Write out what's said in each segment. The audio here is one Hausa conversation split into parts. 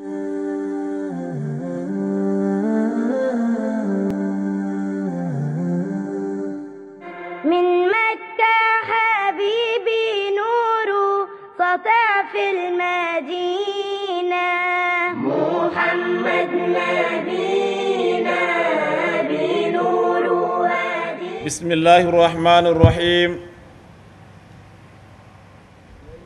من مكة حبيبي نور سطع في المدينة محمد نبينا بنور هادي بسم الله الرحمن الرحيم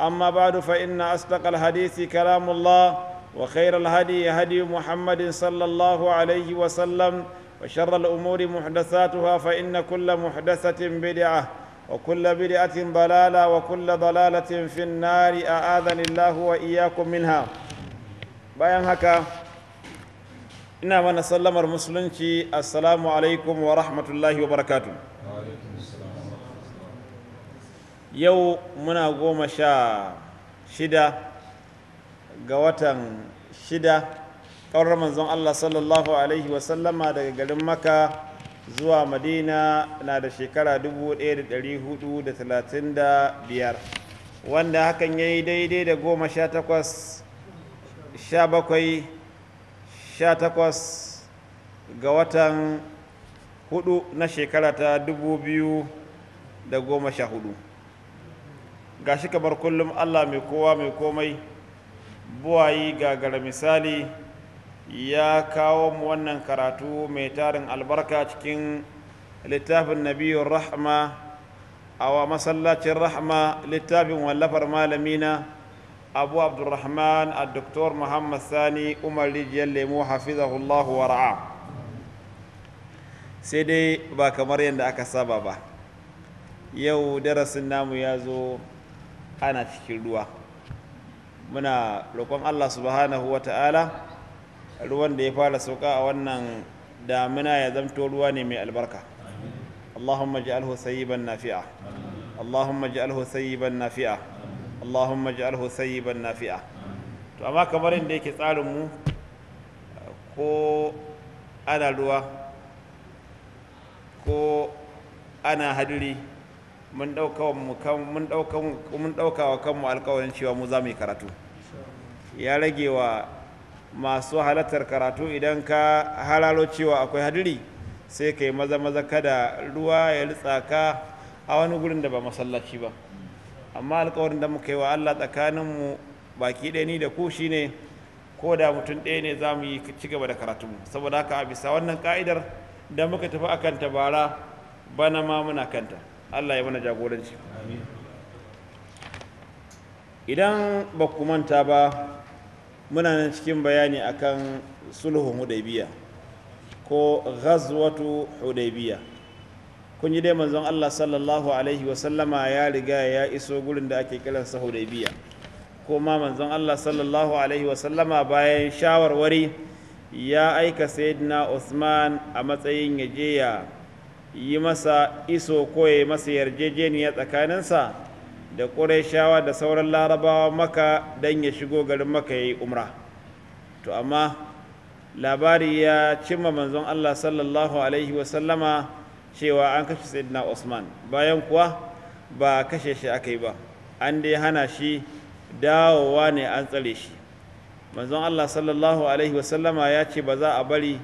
أما بعد فإن أصدق الحديث كلام الله وخير الهدي هدي محمد صلى الله عليه وسلم وشر الأمور محدثاتها فإن كل محدثة بدعة وكل بدعة ضلالة وكل ضلالة في النار أعاذني الله وإياكم منها بيان هكا إنما نسلم المسلمين السلام عليكم ورحمة الله وبركاته yau muna goma sha shida ga watan shida ƙaurar manzon Allah sallallahu Alaihi wasallama daga garin maka zuwa madina na da shekara 1435 wanda hakan ya yi daidai da goma sha takwas sha bakwai sha takwas ga watan hudu na shekara ta dubu biyu da goma sha huɗu. gashi kamar kullum Allah mai kowa mai komai buwayi gagara misali ya kawo mu wannan karatu mai tarin albarka cikin littafin nabiyun rahma a masallacin rahma littafin wallafar malamina abu abdurrahman a doktor muhammad sani umar rijiyar lemo hafizahullahu wara'a sai dai ba kamar yadda aka saba ba yau darasin namu ya zo ana cikin ruwa muna roƙon allah subhanahu wa ta'ala ruwan da ya fara sauka a wannan damina ya zamto ruwa ne mai albarka allahumma ji'alhu sayyiban nafi'a allahumma ji'alhu sayyiban nafi'a allahumma ji'alhu sayyiban nafi'a to amma kamar inda yake tsarin mu ko ana ruwa ko ana hadiri mun ɗauka wa kanmu alkawarin cewa mu za mu yi karatu ya rage wa masu halartar karatu idan ka halalo cewa akwai hadiri sai ka yi maza maza kada ruwa ya litsaka a wani gurin da ba masallaci ba amma alkawarin da muka yi wa allah tsakaninmu baki ɗaya ni da ku shine ko da mutum ɗaya ne za mu yi ci gaba da karatunmu saboda haka a bisa wannan ka'idar da muka tafi akan bara bana ma muna kanta Allah ya mana jagoranci idan ba ku manta ba muna nan cikin bayani akan sulhun hudaybiya ko ghazwatu hudaybiya kun yi dai manzon Allah sallallahu alaihi sallama ya riga ya iso gurin da ake kiransa hudaybiya kuma manzon Allah sallallahu alaihi sallama bayan shawarwari ya aika sayyidina Uthman a matsayin ya yi masa iso ko ya yi masa yarjejeniya tsakaninsa da shawa da sauran larabawa maka don ya shigo garin maka ya yi umra to amma labari ya cimma manzon allah sallallahu alaihi wasallama cewa an kashe sayyidina usman bayan kuwa ba a kashe shi aka yi ba an dai hana shi dawowa ne an tsare shi manzon allah sallallahu alaihi wasallama ya ce ba za a bari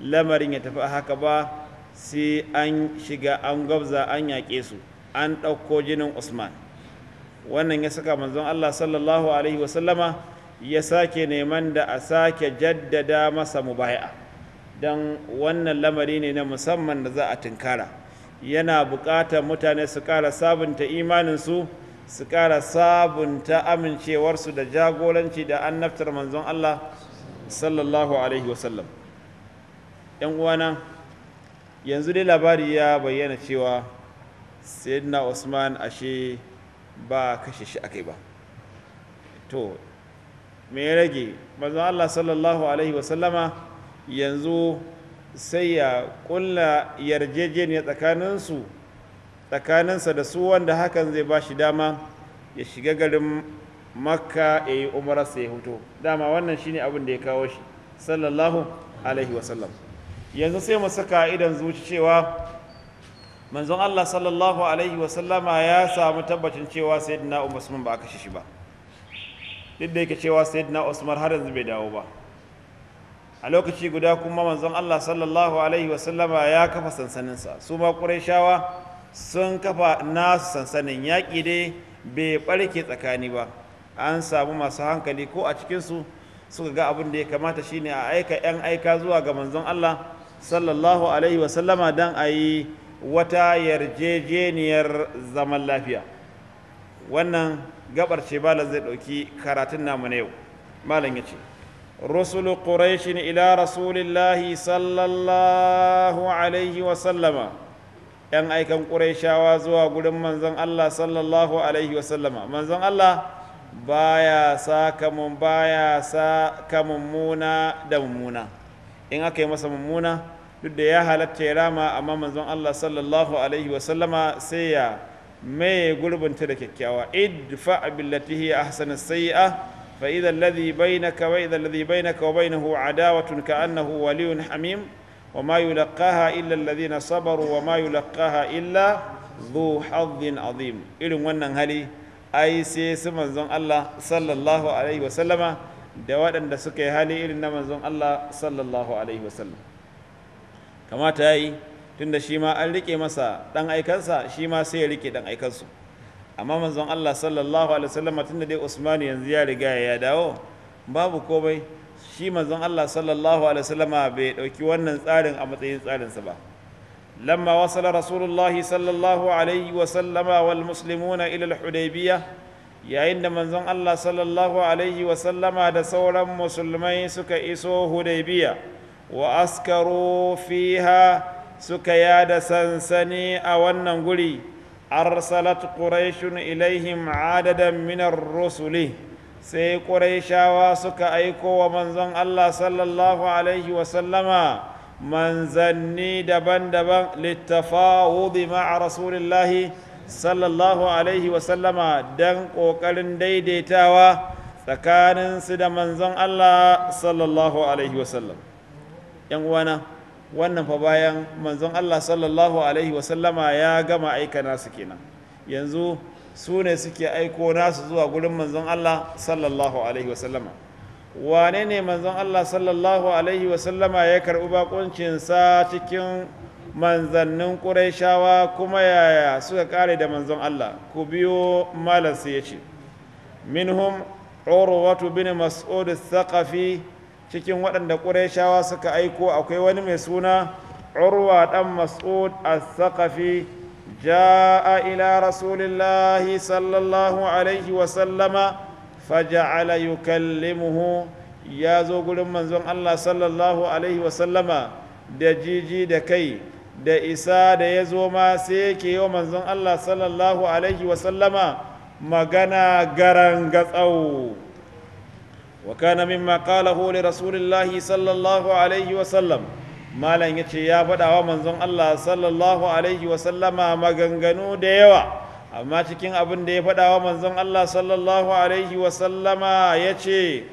lamarin ya tafi haka ba sai an shiga an gwabza an yaƙe su an ɗauko jinin usman wannan ya saka manzon allah sallallahu alaihi wasallama ya sake neman da a sake jaddada masa mubaya don wannan lamari ne na musamman da za a tunkara yana buƙatar mutane su ƙara sabunta imaninsu su ƙara sabunta amincewarsu da jagoranci da annabtar manzon allah sallallahu alaihi wasallam 'yan uwana yanzu dai labari ya bayyana cewa sayyidina usman ashe ba kashe shi akai ba to me ya rage mazan Allah sallallahu alaihi wasallama yanzu sai ya kulla yarjejeniya tsakaninsu tsakaninsa da su wanda hakan zai ba shi dama ya shiga garin makka ya yi umararsa ya hutu dama wannan shine abin da ya kawo shi sallallahu alaihi wasallam yanzu sai mu saka idan zuci cewa manzon Allah sallallahu alaihi wa sallama ya samu tabbacin cewa sayyidina Usman ba aka ba duk da yake cewa sayyidina Usman har yanzu bai dawo ba a lokaci guda kuma manzon Allah sallallahu alaihi wa sallama ya kafa sansaninsa su ma Qurayshawa sun kafa nasu sansanin yaƙi dai bai barke tsakani ba an samu masu hankali ko a cikin su suka ga abin da ya kamata shine a aika 'yan aika zuwa ga manzon Allah sallallahu alaihi wasallama don a yi wata yarjejeniyar zaman lafiya wannan gabar ce malam zai ɗauki karatun namu na yau malam ya ce rusulu quraishin ila rasulillahi sallallahu alaihi wasallama yan aikan ƙuraishawa zuwa gurin manzon allah sallallahu alaihi wasallama manzon allah baya sa kamun baya sa kamun muna da mummuna in aka yi masa mummuna duk da ya halatta ya rama amma manzon Allah sallallahu alaihi wa sallama sai ya mai gurbinta da kyakkyawa idfa billati hi ahsana sayi'a fa idha alladhi bainaka wa idha alladhi bainaka wa bainahu adawatun ka'annahu waliyyun hamim wa ma yulaqaha illa alladhina sabaru wa ma yulaqaha illa dhu hazzin azim irin wannan hali ai sai su manzon Allah sallallahu alaihi wa sallama da waɗanda suka yi hali irin na manzon Allah sallallahu alaihi wasallam kamata ya yi tunda shi ma an rike masa ɗan aikansa shi ma sai ya rike ɗan aikansu amma manzon Allah sallallahu alaihi wasallam tunda dai Usman yanzu ya riga ya dawo babu komai shi manzon Allah sallallahu alaihi wasallam bai ɗauki wannan tsarin a matsayin tsarinsa ba lamma wasala rasulullahi sallallahu alaihi wasallama wal muslimuna ila al-hudaybiyah yayin da manzon Allah sallallahu alaihi wasallama da sauran musulmai suka iso hudaybiya wa askaru fiha suka yada sansani a wannan guri arsalat quraishun ilaihim adadan minar rusuli sai quraishawa suka aiko wa manzon Allah sallallahu alaihi wasallama manzanni daban-daban littafawudi ma'a rasulillahi sallallahu alaihi wasallama don ƙoƙarin daidaitawa tsakaninsu da manzon Allah sallallahu alaihi wasallam ‘yan uwana wannan fa bayan manzon Allah sallallahu alaihi wasallama ya gama aika nasu kenan yanzu su ne suke aiko nasu zuwa gurin manzon Allah sallallahu alaihi wasallama wane ne manzon Allah sallallahu alaihi wasallama ya karɓi bakuncinsa cikin manzannin ƙuraishawa kuma yaya suka ƙare da manzon Allah ku biyo malarsa ya ce minhum urwatu bin mas'ud thaqafi cikin waɗanda ƙuraishawa suka aiko akwai wani mai suna urwa ɗan mas'ud al-thaqafi ja'a ila rasulillahi sallallahu alaihi wa sallama faja'ala yukallimuhu ya zo gurin manzon Allah sallallahu alaihi wa sallama da jiji da kai da isa da ya zo ma sai yake yi wa manzon Allah sallallahu alaihi wasallama magana garan gatsau wa kana mimma qalahu li rasulillahi sallallahu alaihi wasallam malam yace ya faɗa wa manzon Allah sallallahu alaihi wasallama maganganu da yawa amma cikin abin da ya faɗa wa manzon Allah sallallahu alaihi wasallama yace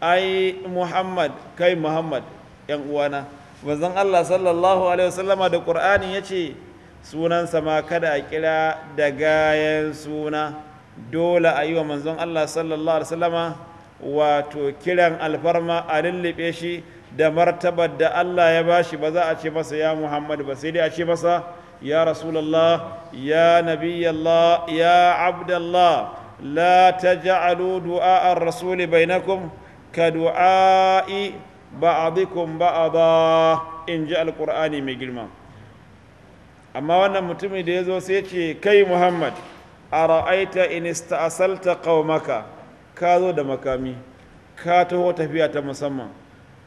ai Muhammad kai Muhammad yan uwana manzon Allah sallallahu alaihi wasallama da Qur'ani yace sunansa ma kada a kira da gayan suna dole a yi wa manzon Allah sallallahu alaihi wasallama wato kiran alfarma a lullube shi da martabar da Allah ya bashi ba za a ce masa ya Muhammad ba sai dai a ce masa ya Rasulullah ya Nabiyallah ya Abdallah la taj'alu du'a ar-rasul bainakum ka du'a'i Ba ba'adikum ba in ji Alƙur'ani mai girma amma wannan mutumin da ya zo sai ce kai muhammad a ra'aita in asalta qaumaka ka zo da makami ka taho tafiya ta musamman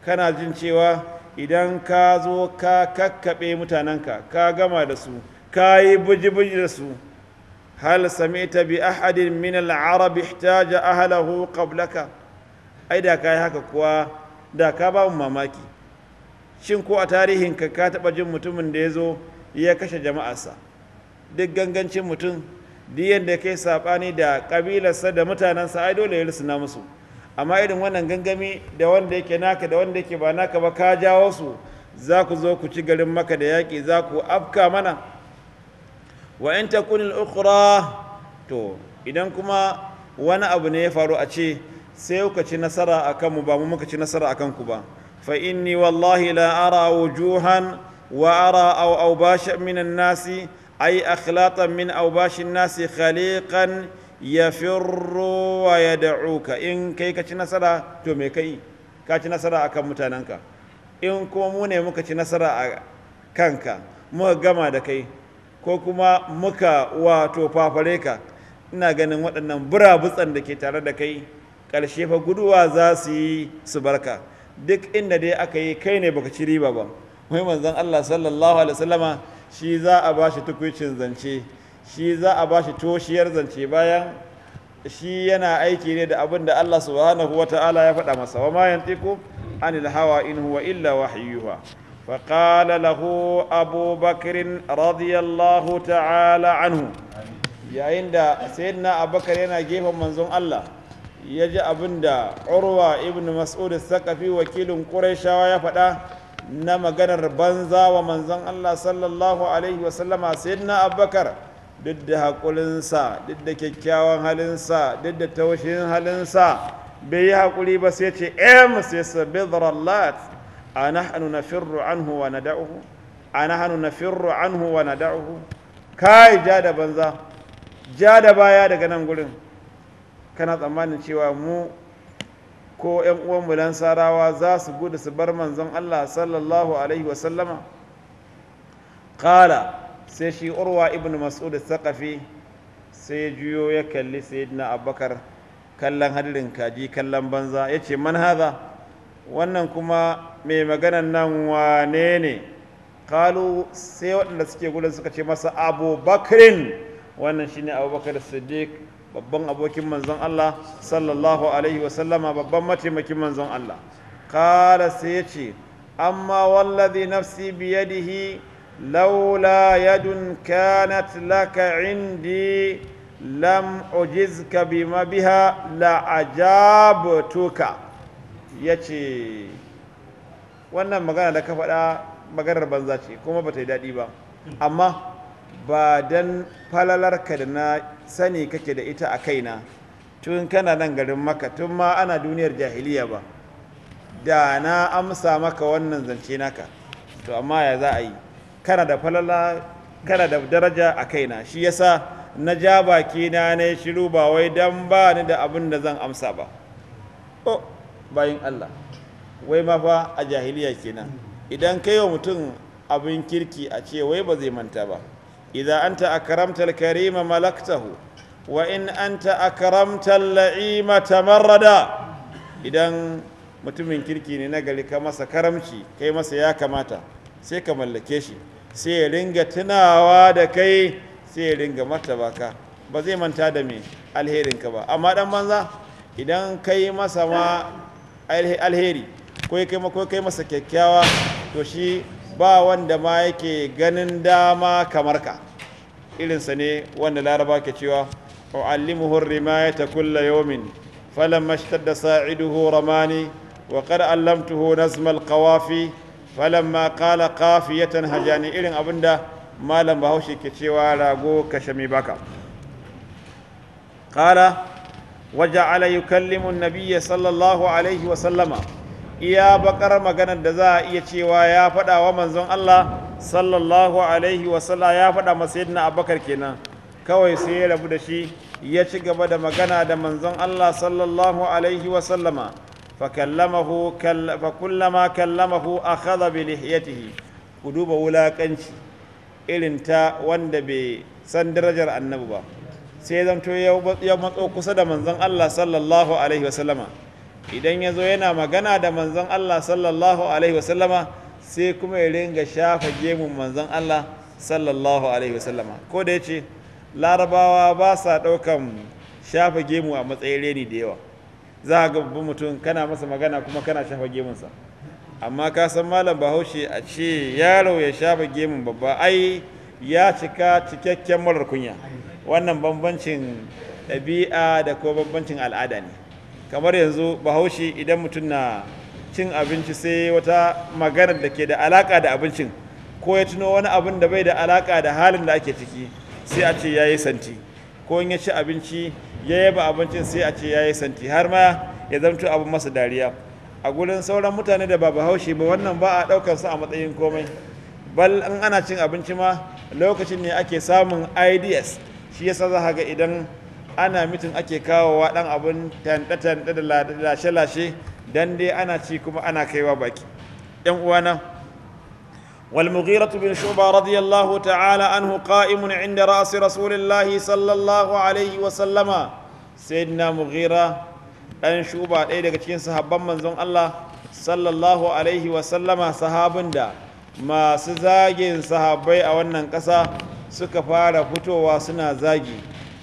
kana jin cewa idan ka zo ka kakkaɓe mutanenka ka gama da su ka yi buji-buji da su hal ta bi ahadin min arabi arab ihtaja ahlahu kablaka ai da yi haka kuwa da ka ba mamaki shin ko a tarihin ka ka taɓa jin mutumin da ya zo ya kashe jama'arsa duk gangancin mutum diyanda da kai saɓani da ƙabilarsa da mutanensa ai dole ya rusuna musu amma irin wannan gangami da wanda yake naka da wanda yake ba naka ba ka jawo su za ku zo ku ci garin maka da yaki za ku afka mana wa in takunil ukhra to idan kuma wani abu ne ya faru a ce sai kuka ci nasara a kanmu ba mu muka ci nasara a kanku ba fa inni wallahi la ara wujuhan wa ara aw awbasha min an-nasi ay akhlaqan min awbashi an-nasi khaliqan yafirru wa yad'uka in kai ka ci nasara to me kai ka ci nasara a akan mutanenka in kuma mu ne muka ci nasara a kanka muka gama da kai ko kuma muka wato fafare ka ina ganin waɗannan burabutsan da ke tare da kai ƙarshe fa guduwa za su yi su barka duk inda dai aka yi kai ne baka ci riba ba wai manzon Allah sallallahu alaihi wasallama shi za a bashi tukucin zance shi za a bashi toshiyar zance bayan shi yana aiki ne da abin da Allah subhanahu wata'ala ya faɗa masa wa ma yantiku anil hawa in huwa illa wahyuha فقال له أبو بكر رضي الله تعالى عنه يا عند سيدنا أبو بكر ينا جيفا منزوم الله ya ji abin da urwa ibn mas'ud sakafi wakilin qurayshawa ya faɗa na maganar banza wa manzon Allah sallallahu alaihi wa wasallama sayyidina abubakar duk da haƙulinsa duk da kyakkyawan halinsa duk da taushin halinsa bai yi haƙuri ba sai ce em sai su bidrallat a nahanu na firru anhu wa na da'uhu a nahanu na firru anhu wa na da'uhu kai ja da banza ja da baya daga nan gurin kana tsammanin cewa mu ko 'yan uwanmu sarawa za su gudu su bar manzon Allah sallallahu alaihi wasallama ƙala sai shi urwa ibn mas'ud saqafi sai ya juyo ya kalli sayyidina abubakar kallon hadirin kaji kallon banza ya ce man haza wannan kuma mai maganan nan wane ne kalu sai waɗanda suke gudun suka ce masa abubakarin wannan shine abubakar siddiq babban abokin manzon Allah sallallahu alaihi wasallama babban mataimakin manzon Allah kala sai ya ce amma wallazi nafsi biyadihi laula yadun kanat laka indi lam ujizka bima biha la ajabtuka yace wannan magana da ka faɗa maganar banza ce kuma ba ta yi daɗi ba amma ba dan falalarka da na sani kake da ita a kaina tun kana nan garin maka tun ma ana duniyar jahiliya ba da na amsa maka wannan zance naka to amma ya za a yi kana da falala kana da daraja a kaina shi yasa na ja baki na ne shiru ba wai dan ba ni da abin da zan amsa ba oh bayin Allah wai ma fa a jahiliya kenan idan kai wa mutum abin kirki a ce wai ba zai manta ba إذا أنت أكرمت الكريم ملكته وإن أنت أكرمت اللعيم تمردا إذا mutumin kirki ne na gari ka masa karamci kai masa ya kamata sai ka mallake shi sai ya ringa tunawa da kai sai ya ringa martaba ka ba zai manta da me alherinka ba amma dan banza idan kai masa ma alheri ko kai masa kyakkyawa to shi ba wanda ma yake ganin dama kamar ka irinsa ne wanda laraba ke cewa u'allimuhu ta kulla yawmin falamma ishtadda sa'iduhu ramani wa qad allamtuhu nazma alqawafi ma qala qafiyatan hajani irin abinda malam bahaushe ke cewa rago kashami baka qala وجعل يكلم النبي sallallahu الله wa وسلم iya bakar maganar da za a iya cewa ya faɗa wa manzon Allah sallallahu alaihi ya faɗa masayid na abubakar kenan kawai sai ya rabu da shi ya ci gaba da magana da manzon Allah sallallahu alaihi wasallama fakallamahu fakullama kallamahu akhadha bi lihiyatihi ku duba wulakanci irin ta wanda bai san darajar annabi ba sai zanto ya matso kusa da manzon Allah sallallahu alaihi idan ya zo yana magana da manzon Allah sallallahu alaihi wasallama sai kuma ya ringa shafa gemun manzon Allah sallallahu alaihi wasallama ko da ya ce larabawa ba sa ɗaukan shafa gemu a matsayin reni da yawa za a babban mutum kana masa magana kuma kana shafa gemunsa amma ka san malam bahaushe a ce yaro ya shafa gemun babba ai ya cika cikakken marar kunya wannan bambancin ɗabi'a da ko bambancin al'ada ne kamar yanzu bahaushe idan mutum na cin abinci sai wata magana da ke da alaka da abincin ko ya tuno wani abin da bai da alaka da halin da ake ciki sai a ce ya yi santi ko in ya ci abinci ya yaba abincin sai a ce ya yi santi har ma ya zamto abin masa dariya a gurin sauran mutane da ba bahaushe ba wannan ba a ɗaukar su a matsayin komai bal in ana cin abinci ma lokacin ne ake samun ideas shi yasa za ga idan ana mitin ake kawowa dan abin tanɗe-tanɗe da lashe-lashe don dai ana ci kuma ana kaiwa baki yan uwana والمغيرة بن شعبة رضي الله تعالى عنه قائم عند رأس رسول الله صلى الله عليه وسلم سيدنا مغيرة أن shuba ɗaya daga cikin sahabban manzon Allah sallallahu alaihi wasallama sahabin da masu zagin sahabbai a wannan ƙasa suka fara fitowa suna zagi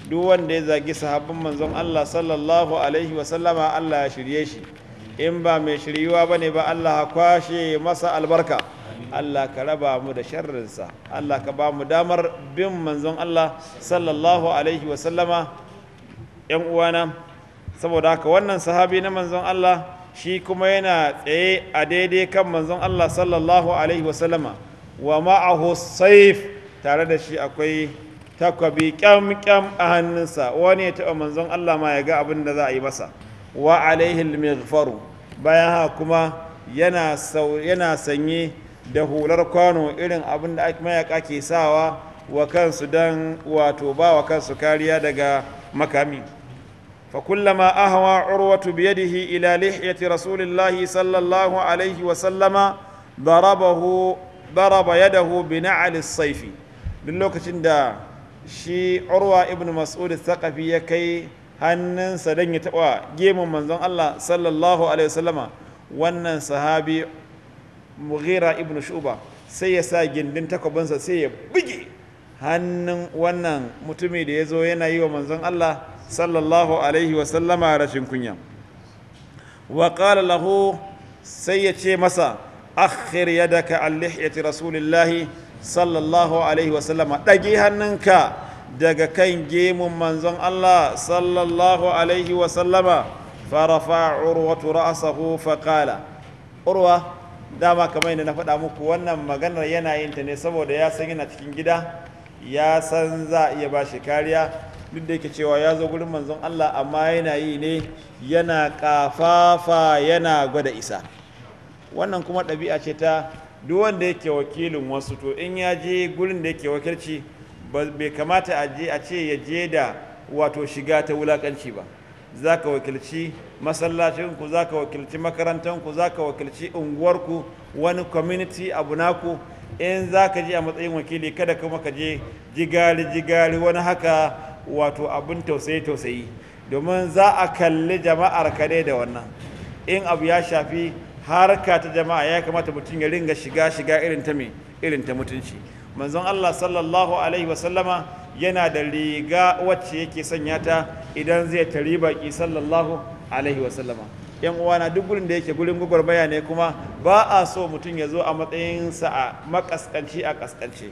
duk wanda ya zagi sahabban manzon Allah sallallahu alaihi wasallama Allah ya shirye shi in ba mai shiryuwa ba ne ba Allah kwashe masa albarka Allah ka raba mu da sharrinsa Allah ka ba mu damar bin manzon Allah sallallahu alaihi wasallama yan uwana saboda haka wannan sahabi na manzon Allah shi kuma yana tsaye a daidai kan manzon Allah sallallahu alaihi wasallama wa ma'ahu saif tare da shi akwai takwabi kyam kyam a hannunsa wani ya taɓa manzon Allah ma ya ga abin da za a yi masa wa alaihi mighfaru bayan haka kuma yana sanye da hular kwano irin abin da mayaka ke sawa wa kansu dan wato ba wa kansu kariya daga makami fa kullama ahwa urwatu bi yadihi ila lihyati rasulillahi sallallahu alaihi wa sallama darabahu daraba yadahu bi na'al as-sayfi duk lokacin da shi urwa ibn mas'ud thaqafi ya kai hannunsa don ya taɓa gemun manzon Allah sallallahu alaihi wasallama wannan sahabi mughira ibn shuba sai ya sa gindin takwabinsa sai ya buge hannun wannan mutumi da ya zo yana yi wa manzon Allah sallallahu alaihi wasallama rashin kunya wa qala lahu sai ya ce masa akhir yadaka an lihyati rasulillahi sallallahu alaihi wasallama ɗage hannunka daga kan gemun manzon Allah sallallahu alaihi wasallama farafa urwatu ra'asahu faqala urwa dama kamar yadda na faɗa muku wannan maganar yana yin ta ne saboda ya san yana cikin gida ya san za a iya ba shi kariya duk da yake cewa ya zo gurin manzon Allah amma yana yi ne yana ƙafafa yana gwada isa wannan kuma ɗabi'a ce ta duk wanda yake wakilin wasu to in ya je gurin da yake wakilci bai kamata a ce ya je da wato shiga ta wulakanci ba za ka wakilci masallacinku za ka wakilci makarantanku za ka wakilci unguwarku wani community abu naku in za ka je a matsayin wakili kada kuma ka je jigali jigali wani haka wato abin tausayi tausayi domin za a kalli jama'ar ka da wannan in abu ya shafi harka ta jama'a ya kamata mutum ya ringa shiga shiga irin ta me irin ta mutunci manzon Allah sallallahu alaihi wa sallama yana da riga wacce yake sanya ta idan zai tari baki sallallahu alaihi wa sallama yan uwana duk gurin da yake gurin gwagwarmaya ne kuma ba a so mutum ya zo a matsayin sa a makaskanci a kaskance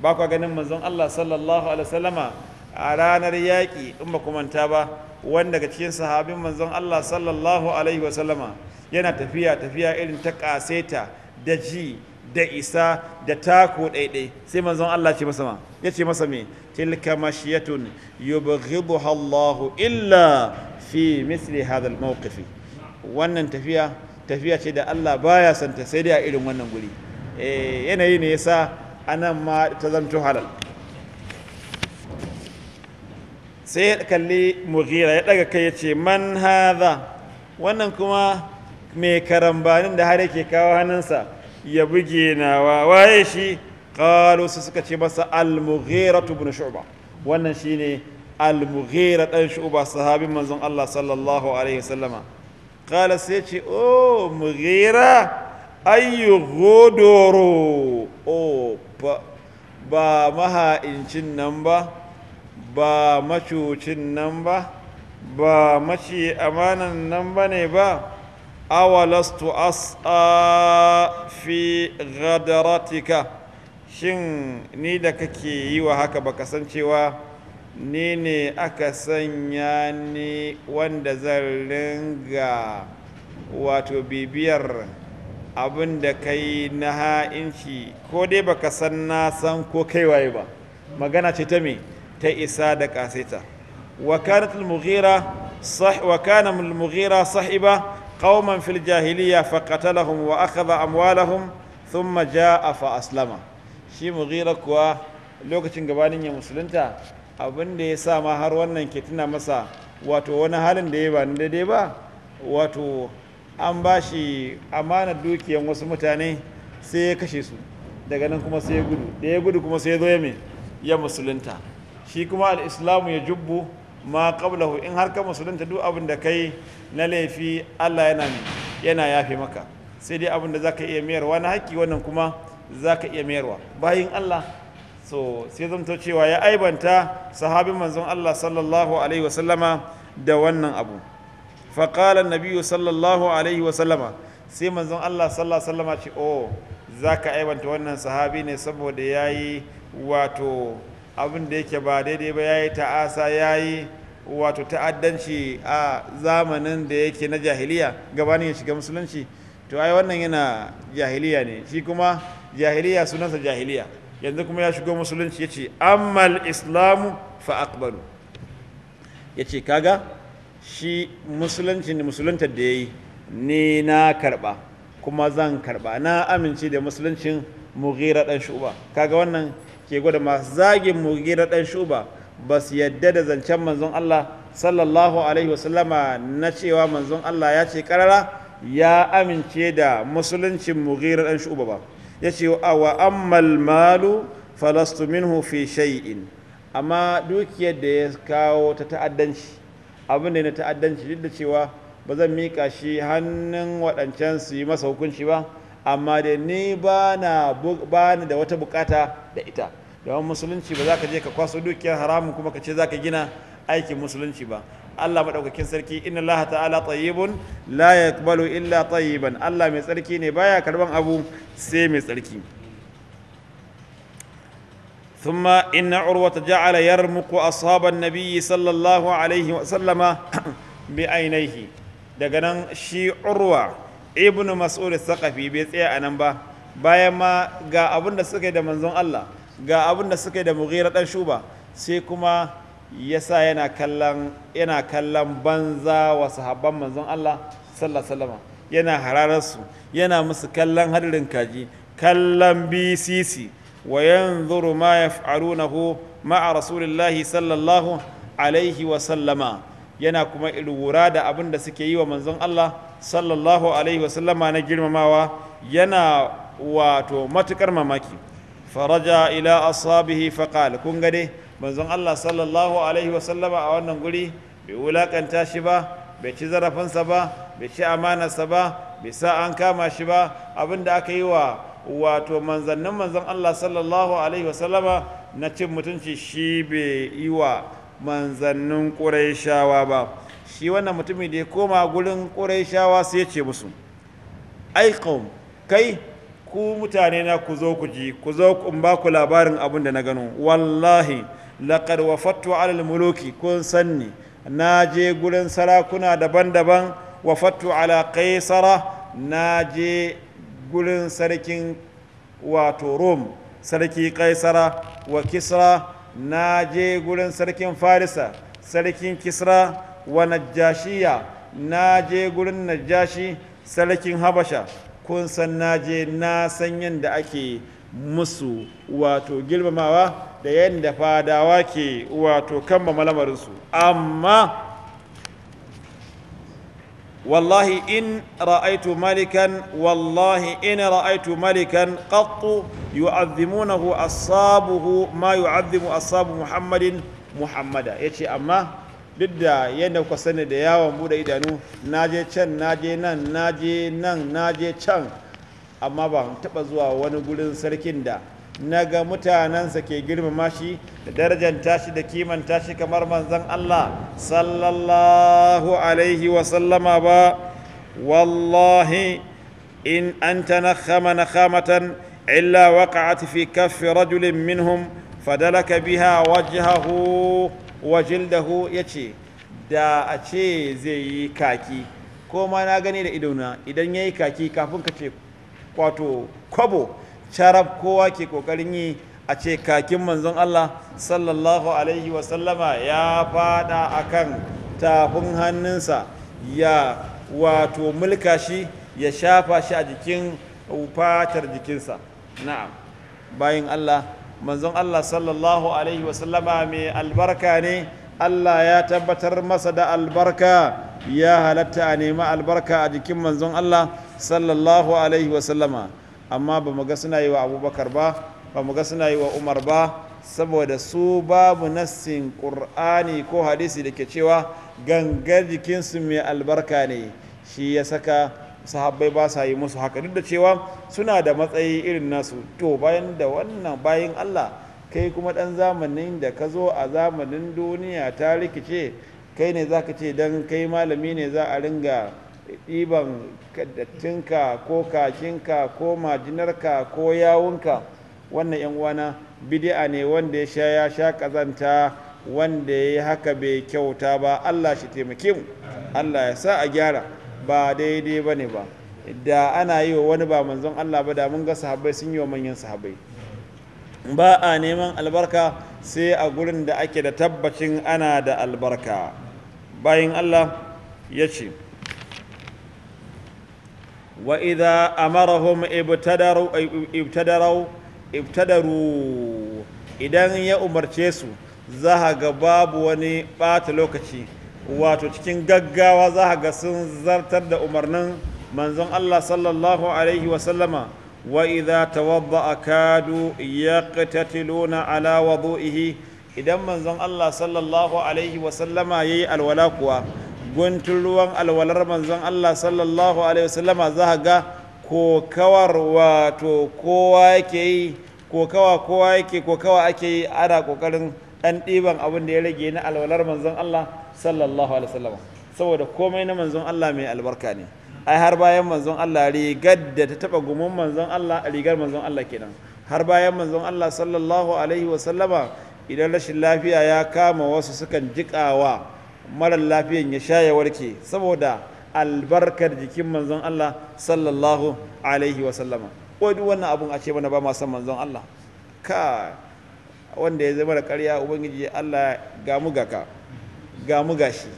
ba kwa ganin manzon Allah sallallahu alaihi wa sallama a ranar yaƙi in ba kumanta ba wanda daga cikin sahabin manzon Allah sallallahu alaihi wa sallama. yana tafiya tafiya irin ta kaseta da ji da isa da tako ɗaiɗai sai manzon Allah ce masa ma ya ce masa me tilka mashiyatun yubghidha Allah illa fi misli hadha al wannan tafiya tafiya ce da Allah baya son ta sai dai a irin wannan guri eh yanayi ne yasa anan ma ta zanto halal sai ya kalli mughira ya daga kai yace man hadha wannan kuma mai karambanin da har yake kawo hannunsa ya buge nawa waye shi qalu su suka ce masa al-mughira shu'ba wannan shine al-mughira dan shu'ba sahabin manzon Allah sallallahu alaihi wasallama Ƙala sai ce oh mughira ayyu godoro oh ba maha'incin nan ba ba macucin nan ba ba mace amanan nan ba ne ba awalastu as'a fi ghadaratika shin ni da kake yi wa haka ba san ni ne aka sanya ni wanda zan ringa wato bibiyar abin da kai na ha'inci ko dai ba ka san na san ko kai waye ba magana ce ta me ta isa da kaseta wa kanat al sahiba قوما في الجاهلية فقتلهم وأخذ أموالهم ثم جاء فأسلم شي مغيرة كوا لوكتين غبانين يا مسلمتا abin da ya sa ma har wannan ke tuna masa wato wani halin da ya ba dai ba wato an ba shi amanar dukiyan wasu mutane sai ya kashe su daga nan kuma sai ya gudu da ya gudu kuma sai ya zo ya ya musulunta shi kuma al'islamu ya jubbu ma qablahu in har ka musulunta duk abin da kai na laifi Allah yana yana yafe maka sai dai abin da zaka iya mayarwa na haƙƙi wannan kuma zaka iya mayarwa bayin Allah so sai zamto cewa ya aibanta sahabin manzon Allah sallallahu alaihi wasallama da wannan abu faƙala nabiyu sallallahu alaihi wasallama sai manzon Allah sallallahu alaihi wasallama ce oh za ka aibanta wannan sahabi ne saboda ya yi wato abin da yake ba daidai ba ya yi ta'asa ya yi wato ta'addanci a zamanin da yake na jahiliya gabanin ya shiga musulunci to ai wannan yana jahiliya ne shi kuma jahiliya sunansa jahiliya yanzu kuma ya shigo musulunci ya ce ammal islamu fa akbaru ya ce kaga shi musulunci ne musuluntar da ya yi ni na karba kuma zan karba na amince da musuluncin mugira dan shuba kaga wannan ke gwada masu zagin mugira dan shuba ba su yadda da zancen manzon Allah sallallahu alaihi wasallama na cewa manzon Allah ya ce karara ya amince da musuluncin mughira dan shu'ba ba ya ce wa ammal malu falastu minhu fi shay'in amma dukiyar da ya kawo ta ta'addanci abin da na ta'addanci duk da cewa ba zan mika shi hannun waɗancan su yi masa hukunci ba amma da ni ba na da wata bukata da ita don musulunci ba za ka je ka kwaso dukiyar haramun kuma ka ce za ka gina aikin musulunci ba Allah maɗaukakin sarki inna Allah ta'ala tayyibun la yaqbalu illa tayyiban Allah mai tsarki ne baya karban abu sai mai tsarki thumma inna urwata ja'ala yarmuqu ashaban nabiyyi sallallahu alaihi wa sallama bi ainihi daga nan shi urwa ibnu mas'ud al bai tsaya a nan ba bayan ma ga abin da suka yi da manzon Allah ga abin da suka yi da mughira dan shuba sai kuma ya sa yana kallon yana kallon banza wa sahabban manzon Allah sallallahu alaihi yana harararsu yana musu kallon hadirin kaji kallon BCC wa yanzuru ma yaf'alunahu ma'a rasulillahi sallallahu alaihi wa sallama yana kuma lura da abin da suke yi wa manzon Allah sallallahu alaihi wa sallama na girmamawa yana wato matukar mamaki faraja ila ashabihi faqal kun ga dai manzon Allah sallallahu alaihi wa sallama a wannan guri bai wulakanta shi ba bai ci zarafinsa ba bai ci amanarsa ba bai sa an kama shi ba abinda aka yi wa wato manzannin manzon Allah sallallahu alaihi wa sallama na cin mutunci shi bai yi wa manzannin ƙurayshawa ba shi wannan mutumin da ya koma gurin ƙurayshawa sai ya ce musu ai kai ku mutane na ku zo ku ji ku zo in ba ku labarin abin da na gano wallahi laqad wafattu alal muluki kun sanni na je gurin sarakuna daban-daban wafattu ala qaisara na je gurin sarkin wato rom sarki kaisara wa kisra na je gurin sarkin farisa sarkin kisra wa najashiya na je gurin najashi sarkin habasha kun san naje na san yadda ake musu wato girmamawa da yadda fadawa ke wato kammama lamarinsu amma wallahi in ra'aitu malikan wallahi in ra'aitu malikan qattu yu'azzimunahu asabuhu ma yu'azzimu asabu muhammadin muhammada yace amma duk da yadda kuka sani da yawon bude idanu na je can na je nan na je nan na je can amma ba taɓa zuwa wani gurin sarkin da na ga mutanensa ke girmama shi da darajanta tashi da kiman tashi kamar manzon Allah sallallahu alaihi wa sallama ba wallahi in an na nakhamatan illa waka fi kaffi rajulin minhum fadalaka biha wajhahu wa ya ce da a ce zai yi kaki ko ma na gani da idona idan ya yi kaki kafin ka ce kwato kwabo sharaf kowa ke kokarin yi a ce kakin manzon Allah sallallahu alaihi wasallama ya fada akan tafin hannunsa ya wato mulka shi ya shafa shi a jikin fatar jikinsa na'am bayan Allah manzon Allah sallallahu alaihi wasallama mai albarka ne Allah ya tabbatar masa da albarka ya halatta a nema albarka a jikin manzon Allah sallallahu alaihi wasallama amma ba mu ga suna yi wa abubakar ba ba mu ga suna yi wa umar ba saboda su babu nassin ƙur'ani ko hadisi da ke cewa gangar jikinsu mai albarka ne shi ya saka sahabbai ba sa yi musu haka duk da cewa suna da matsayi irin nasu to bayan da wannan bayan Allah kai kuma dan zamanin da ka zo a zamanin duniya ta rikice kai ne za ka ce don kai malami ne za a ringa ɗiban dattinka ko kakinka ko majinarka ko yawunka wannan yan uwana bidi'a ne wanda ya sha ya sha kazanta wanda ya yi haka bai kyauta ba allah shi taimakin. allah ya sa a gyara ba daidai ba ne ba da ana yi wa wani ba manzon Allah ba da mun ga sahabbai sun yi wa manyan sahabbai ba a neman albarka sai a gurin da ake da tabbacin ana da albarka bayan Allah ya ce wa idha amarahum ibtadaru ibtadaru ibtadaru idan ya umarce su za ga babu wani ɓata lokaci wato cikin gaggawa za a ga sun zartar da umarnin manzon Allah sallallahu alaihi wasallama wa idza tawadda'a kadu yaqtatiluna ala wudu'ihi idan manzon Allah sallallahu alaihi wasallama yayi alwala kuwa guntun ruwan alwalar manzon Allah sallallahu alaihi wasallama za ga kokawar wato kowa yake yi kokawa kowa yake kokawa ake yi ana kokarin dan ɗiban abin da ya rage na alwalar manzon Allah sallallahu alaihi wasallam saboda komai na manzon Allah mai albarka ne ai har bayan manzon Allah rigar da ta taba gumon manzon Allah rigar manzon Allah kenan har bayan manzon Allah sallallahu alaihi wasallam idan rashin lafiya ya kama wasu sukan jikawa mara lafiyan ya sha ya warke saboda albarkar jikin manzon Allah sallallahu alaihi wasallam ko duk wannan abun a ce mana ba ma san manzon Allah ka wanda ya zama da ƙarya ubangiji Allah ga mu ga ka ga mu gashi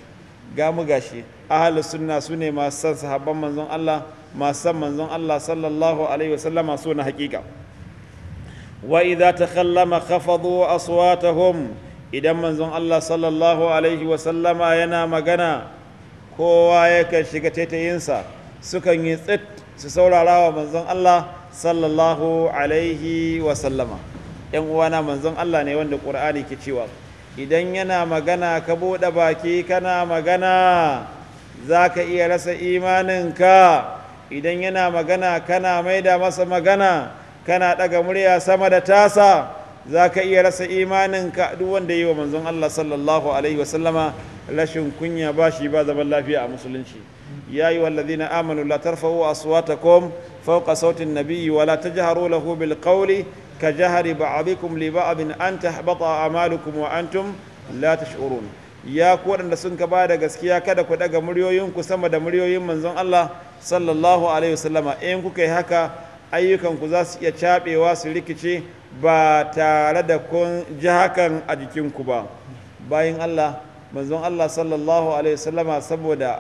ga mu gashi ahlus sunna su masu san sahabban manzon Allah masu san manzon Allah sallallahu alaihi wasallama so na hakika wa idza takhallama khafadu aswatahum idan manzon Allah sallallahu alaihi wasallama yana magana kowa yakan shiga taitayinsa sukan yi tsit su saurara manzon Allah sallallahu alaihi wasallama yan uwana manzon Allah ne wanda Qur'ani ke cewa idan yana magana ka buɗe baki kana magana za ka iya rasa imaninka idan yana magana kana maida masa magana kana ɗaga murya sama da tasa za ka iya rasa imaninka duk wanda yi wa manzon Allah sallallahu alaihi wasallama rashin kunya ba shi ba zaman lafiya a musulunci ya yi wallazina amanu la tarfa'u aswatakum fawqa sautin nabiyyi wa la tajharu lahu bil qawli كجهر بعضكم لبعض أن تحبط أعمالكم وأنتم لا تشعرون ya ku waɗanda sun ka bada gaskiya kada ku daga muryoyinku sama da muryoyin manzon Allah sallallahu alaihi wasallama in kuka yi haka ayyukan za su iya caɓewa su rikice ba tare da kun ji hakan a jikinku ba bayan Allah manzon Allah sallallahu alaihi wasallama saboda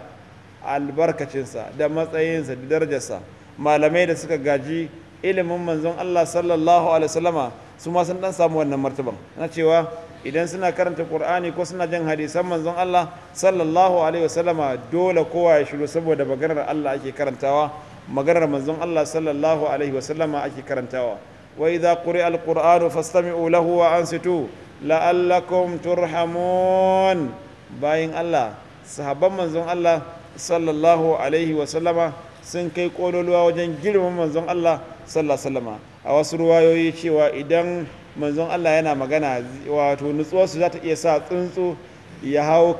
albarkacinsa da matsayinsa da darajarsa malamai da suka gaji ilimin manzon Allah sallallahu alaihi wasallama su ma sun dan samu wannan martaban na cewa idan suna karanta Qur'ani ko suna jin hadisan manzon Allah sallallahu alaihi wasallama dole kowa ya shiru saboda maganar Allah ake karantawa maganar manzon Allah sallallahu alaihi wasallama ake karantawa wa idza quri'a al-qur'anu fastami'u lahu wa ansitu la'allakum turhamun bayin Allah sahabban manzon Allah sallallahu alaihi wasallama sun kai kololuwa wajen girman manzon Allah sallasallama a wasu ruwayoyi cewa idan manzon Allah yana magana wato nutsuwarsu za ta iya sa tsuntsu ya hau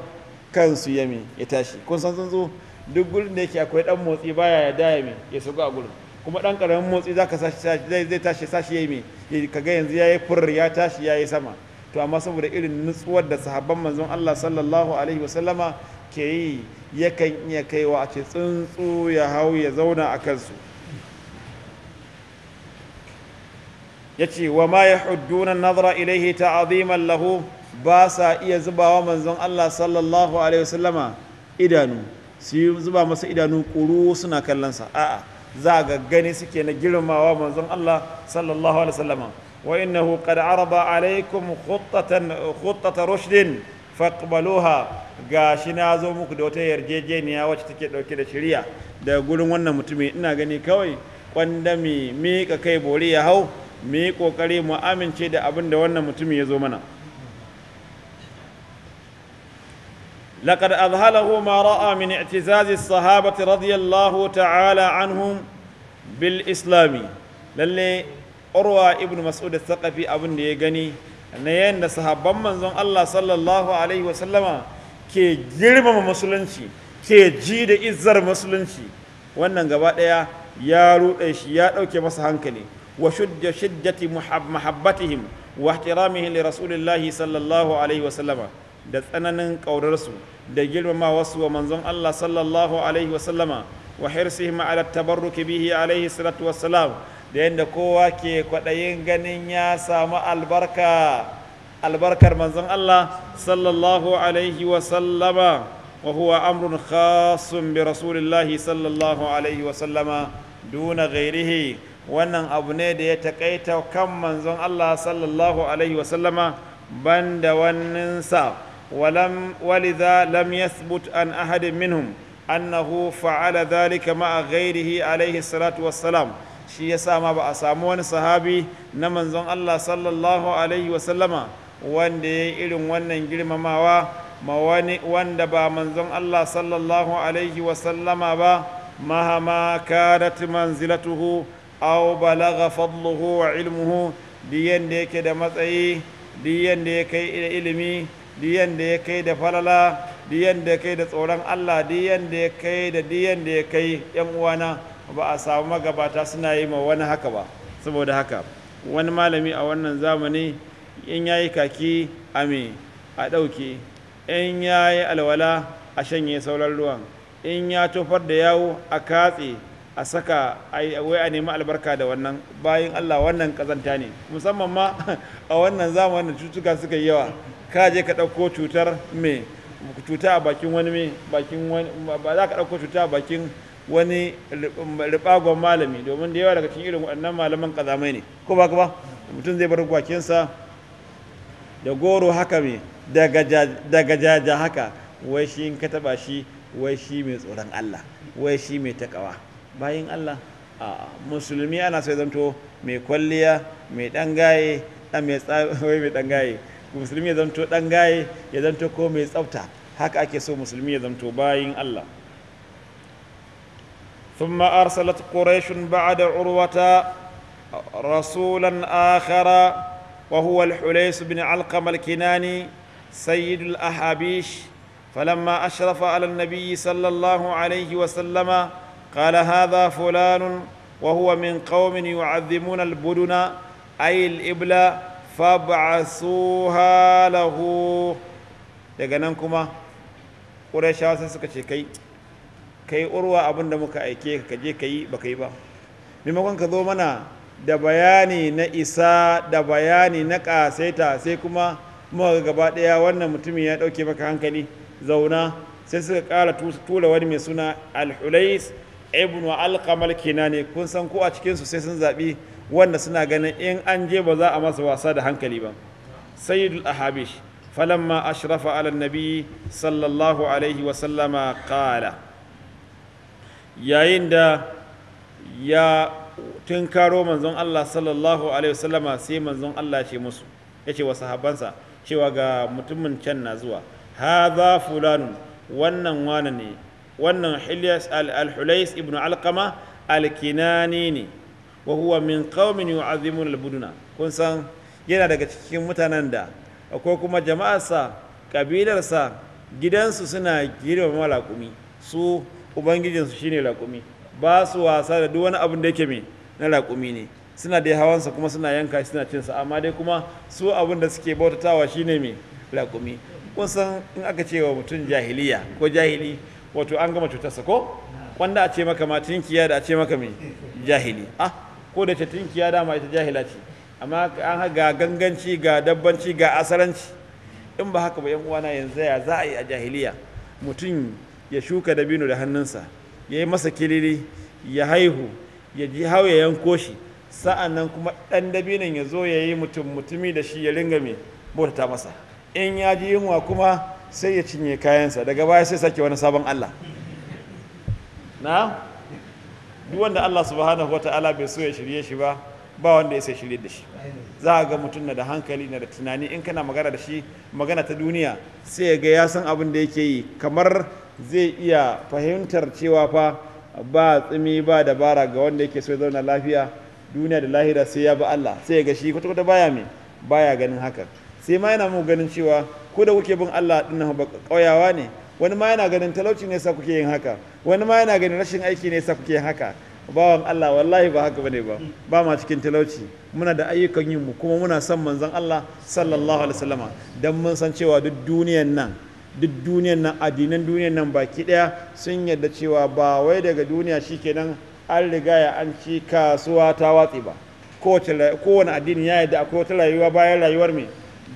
kansu yami ya tashi kun san tsuntsu duk gurin da yake akwai dan motsi baya ya daya mai ya shiga a gurin kuma dan karamin motsi zaka zai zai tashi sashi yi mai kaga yanzu yayi fur ya tashi yayi sama to amma saboda irin nutsuwar da sahabban manzon Allah sallallahu alaihi wasallama ke yi yakan iya kaiwa a ce tsuntsu ya hau ya zauna a kansu ya ce wa ma yahudduna nazara ilaihi ta'ziman lahu ba sa iya zubawa manzon Allah sallallahu alaihi wasallama idanu su zuba masa idanu kuru suna kallonsa a'a za ga gani suke na girmamawa manzon Allah sallallahu alaihi wasallama wa innahu qad araba alaikum khuttatan khuttata rushdin faqbaluha gashi na zo muku da wata yarjejeniya wacce take dauke da shari'a da gurin wannan mutumi ina gani kawai kwandami mika kai bori ya hau mu yi mu amince da abin da wannan mutumin ya zo mana laƙar azhalahu ma ra'a min i'tizazi sahabati radiyallahu ta'ala anhum bil islami lalle urwa ibnu mas'ud al-thaqafi abin da ya gani na yanda sahabban manzon Allah sallallahu alaihi wa sallama ke girmama musulunci ke ji da izzar musulunci wannan gaba daya ya rude shi ya dauke masa hankali وشد شدة محب محبتهم واحترامهم لرسول الله صلى الله عليه وسلم da tsananin ƙaurarsu da girmamawarsu wa manzon Allah sallallahu alaihi wasallama wa hirsihim ala tabarruki bihi alaihi salatu wassalam da yadda kowa ke kwaɗayin ganin ya samu albarka albarkar manzon Allah sallallahu alaihi wasallama wa huwa amrun khasun bi rasulillahi sallallahu alaihi wasallama duna ghairihi wannan abu ne da ya taƙaita kan manzon Allah sallallahu alaihi wasallama banda waninsa ولم ولذا لم يثبت عن أحد منهم أنه فعل ذلك مع غيره عليه الصلاة والسلام shi ya sa ma ba a samu wani sahabi na manzon Allah sallallahu alaihi wasallama wanda ya yi irin wannan girmamawa ma wani wanda ba manzon Allah sallallahu alaihi wasallama ba mahama kadat manzilatuhu aw balagha fadluhu wa ilmuhu diyan da yake da matsayi diyan da ya kai da ilimi diyan da ya kai da falala diyan da ya kai da tsoron Allah diyan da ya kai da diyan da ya kai yan uwana ba a samu magabata suna yi ma wani haka ba saboda haka wani malami a wannan zamani in yayi kaki ame a ɗauke in yayi alwala a shanye sauran ruwan in ya tofar da yawo a katse a saka wai a nemi albarka da wannan bayan allah wannan kazanta ne musamman ma a wannan zamanin da cutuka suka yi yawa ka je ka ɗauko cutar me cuta a bakin wani me bakin wani ba za ka ɗauko cuta a bakin wani ribagon malami domin da yawa daga cikin irin waɗannan malaman kazamai ne ko ba ba mutum zai bar gwakinsa da goro haka me daga jaja haka wai shi in ka taba shi wai shi mai tsoron allah wai shi mai takawa bayin Allah a musulmi ana sai zanto mai kwalliya mai dangaye dan mai tsawai mai musulmi ya zanto dangaye ya zanto ko mai tsafta haka ake so musulmi ya zanto bayin Allah ثم أرسلت قريش بعد عروة رسولا آخر وهو الحليس بن علقم الكناني سيد الأحابيش فلما أشرف على النبي صلى الله عليه وسلم قال هذا فلان وهو من قوم يعظمون البدن أي nan kuma ƙurashawa sai suka ce kai kai urwa abin da muka aike ka kaje ka yi ba ka ba maimakon ka zo mana da bayani na isa da bayani na ƙasaita sai kuma muka gaba ɗaya wannan mutumin ya ɗauke maka hankali zauna sai suka ƙara tura wani mai suna alhulais ibn alqamal kinani kun san ko a cikin su sai sun zabi wanda suna ganin in an je ba za a masa wasa da hankali ba sayyidul ahabish falamma ashrafa ala nabi sallallahu alaihi wa sallama qala yayin da ya tunkaro manzon Allah sallallahu alaihi wa sallama sai manzon Allah ce musu yace wa sahabbansa cewa ga mutumin can na zuwa hadha fulanun wannan wane ne wannan Hilyas al-Hulais ibn Alqama al-Kinani ne wa huwa min qaumin yu'azzimuna al-buduna kun san yana daga cikin mutanen da akwai kuma jama'arsa kabilarsa gidansu suna girmama laƙumi su ubangijinsu shine laƙumi ba su wasa da duk wani abin da yake mai na laƙumi ne suna dai hawansa kuma suna yanka suna cinsa amma dai kuma su abin da suke bautatawa shine mai laƙumi kun san in aka ce wa mutum jahiliya ko jahili wato an gama cutarsa ko wanda a ce maka ma tinkiya da a ce maka mai jahili ah ko da ce tinkiya dama ita jahila ce amma an ga ganganci ga dabbanci ga asaranci in ba haka ba yan uwana yanzu ya za a yi a jahiliya mutum ya shuka dabino da hannunsa ya yi masa kilili ya haihu ya ji hau ya yanko shi sa'an nan kuma ɗan dabinon ya zo ya yi mutum mutumi da shi ya ringa mai bautata masa in ya ji yunwa kuma sai ya cinye kayansa daga baya sai sake wani sabon Allah na duk wanda Allah subhanahu Ta'ala bai so ya shirye shi ba ba wanda ya sai shirye da shi za a ga mutum na da hankali na da tunani in kana magana da shi magana ta duniya sai ya ga ya san abin da yake yi kamar zai iya fahimtar cewa fa ba tsimi ba dabara ga wanda yake so ya zauna lafiya duniya da lahira sai ya ba Allah sai ya ga shi kwata-kwata baya mai baya ganin haka sai ma yana mu ganin cewa ku da kuke bin Allah din nan ba ƙauyawa ne wani ma yana ganin talauci ne sa kuke yin haka wani ma yana ganin rashin aiki ne sa kuke yin haka bawan Allah wallahi ba haka bane ba ba ma cikin talauci muna da ayyukan yin mu kuma muna son manzon Allah sallallahu alaihi wasallama dan mun san cewa duk duniyan nan duk duniyan nan addinan duniyan nan baki daya sun yarda cewa ba wai daga duniya shikenan an riga ya an ci kasuwa ta watsi ba kowane addini ya yadda akwai wata rayuwa bayan rayuwar mai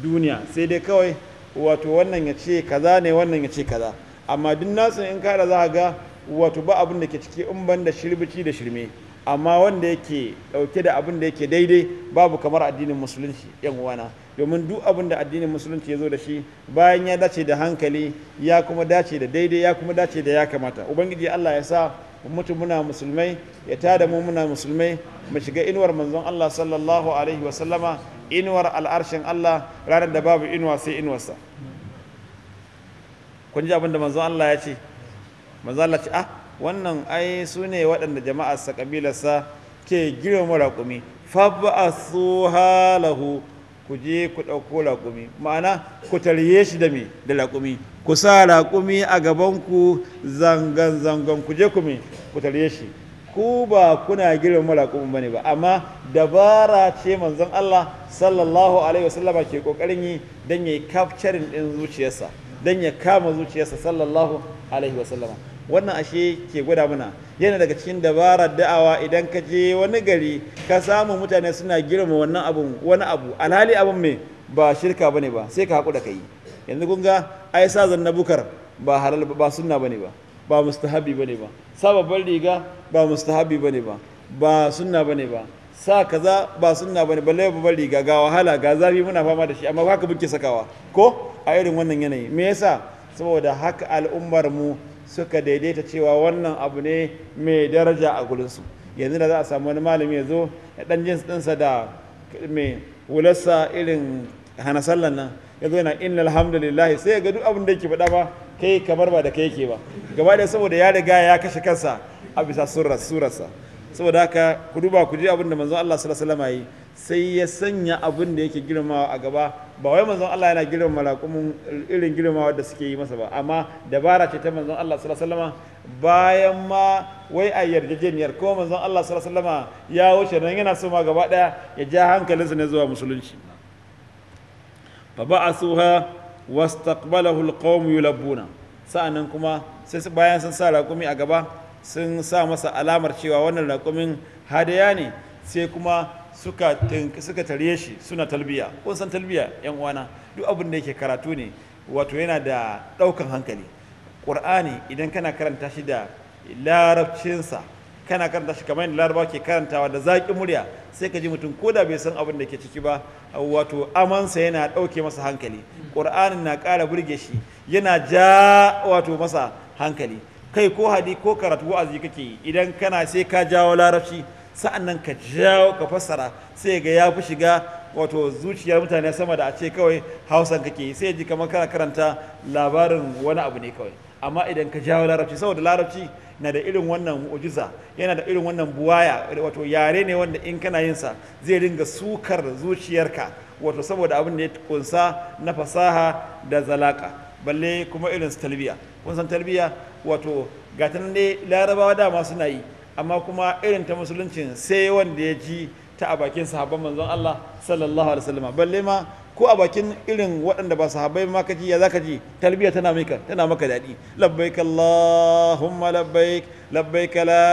duniya sai dai kawai wato wannan ya ce kaza ne wannan ya ce kaza amma duk nasin in kada za a ga wato ba abin da ke ciki in ban da shirbici da shirme amma wanda yake dauke da abin da yake daidai babu kamar addinin musulunci yan uwana domin duk abin da addinin musulunci ya zo da shi bayan ya dace da hankali ya kuma dace da daidai ya kuma dace da ya kamata ubangiji Allah ya sa mutu muna musulmai ya tada mu muna musulmai mu shiga inuwar manzon Allah sallallahu alaihi sallama inuwar al'arshin Allah ranar da babu inuwa sai inuwarsa kun ji abin manzon Allah ya ce manzon Allah ce ah wannan ai su ne waɗanda jama'ar sa kabilarsa ke girma raƙumi su halahu ku je ku ɗauko raƙumi ma'ana ku tarye shi da me da raƙumi ku sa raƙumi a gabanku zangan zangan ku je ku me ku tarye shi ku ba kuna girmama raƙumin bane ba amma dabara ce manzon Allah sallallahu alaihi wasallama ke kokarin yi dan yayi capturing din zuciyarsa dan ya kama zuciyarsa sallallahu alaihi wasallama wannan ashe ke gwada mana yana daga cikin dabarar da'awa idan ka je wani gari ka samu mutane suna girma wannan abun wani abu alhali abun me ba shirka bane ba sai ka haƙu da kai yanzu kun ga ai sa zannabukar ba halal ba sunna bane ba ba mustahabi bane ba sa riga ba mustahabi bane ba ba sunna bane ba sa kaza ba sunna bane balle babban riga ga wahala ga zafi muna fama da shi amma haka muke sakawa ko a irin wannan yanayi me yasa saboda haka al'ummar mu suka daidaita cewa wannan abu ne mai daraja a gurinsu yanzu da za a samu wani malami ya zo ya dan jins ɗinsa da mai hularsa irin hana sallan nan ya zo yana inna sai ya ga duk abin da yake faɗa ba kai kamar ba da kai yake ba gaba da saboda ya riga ya kashe kansa a bisa surarsa saboda haka ku duba ku ji abin da manzon Allah sallallahu alaihi wasallam yi sai ya sanya abin da yake girmamawa a gaba ba wai manzon Allah yana girmama raƙumin irin girmawa da suke yi masa ba amma dabara ce ta manzon Allah sallallahu alaihi wasallam bayan ma wai a yarjejeniyar ko manzon Allah sallallahu alaihi wasallam ya wuce nan yana so ma gaba daya ya ja hankalinsa ne zuwa musulunci fa ba'asuha wastaqbalahu alqawm yulabbuna sa'annan kuma sai bayan sun sa raƙumi a gaba sun sa masa alamar cewa wannan raƙumin hadaya ne sai kuma suka suka tare shi suna talbiya kun san talbiya yan uwana duk abin da yake karatu ne wato yana da ɗaukan hankali ƙur'ani idan kana karanta shi da larabcinsa kana karanta shi kamar laraba ke karantawa da zaƙi murya sai ka ji mutum ko da bai san abin da ke ciki ba wato amansa yana ɗauke masa hankali ƙur'anin na kara burge shi yana ja wato masa hankali kai ko hadi ko karatu wa'azi kake yi idan kana sai ka jawo larabci sa'annan ka jawo ka fassara sai ga ya fi shiga wato zuciyar mutane sama da a ce kawai hausan kake yi sai ji kamar kana karanta labarin wani abu ne kawai amma idan ka jawo larabci saboda larabci na da irin wannan mu'ujiza yana da irin wannan buwaya wato yare ne wanda in kana yin sa zai ringa sukar zuciyarka wato saboda abin da ya kunsa na fasaha da zalaka balle kuma irin su talbiya kun san talbiya wato gatan ne larabawa dama suna yi amma kuma irin ta musuluncin sai wanda ya ji ta a bakin sahabban manzon Allah sallallahu alaihi wasallam balle ma ko a bakin irin waɗanda ba sahabbai ma kaji ya zaka ji talbiya tana maka tana maka daɗi labbaik allahumma labbaik labbaik la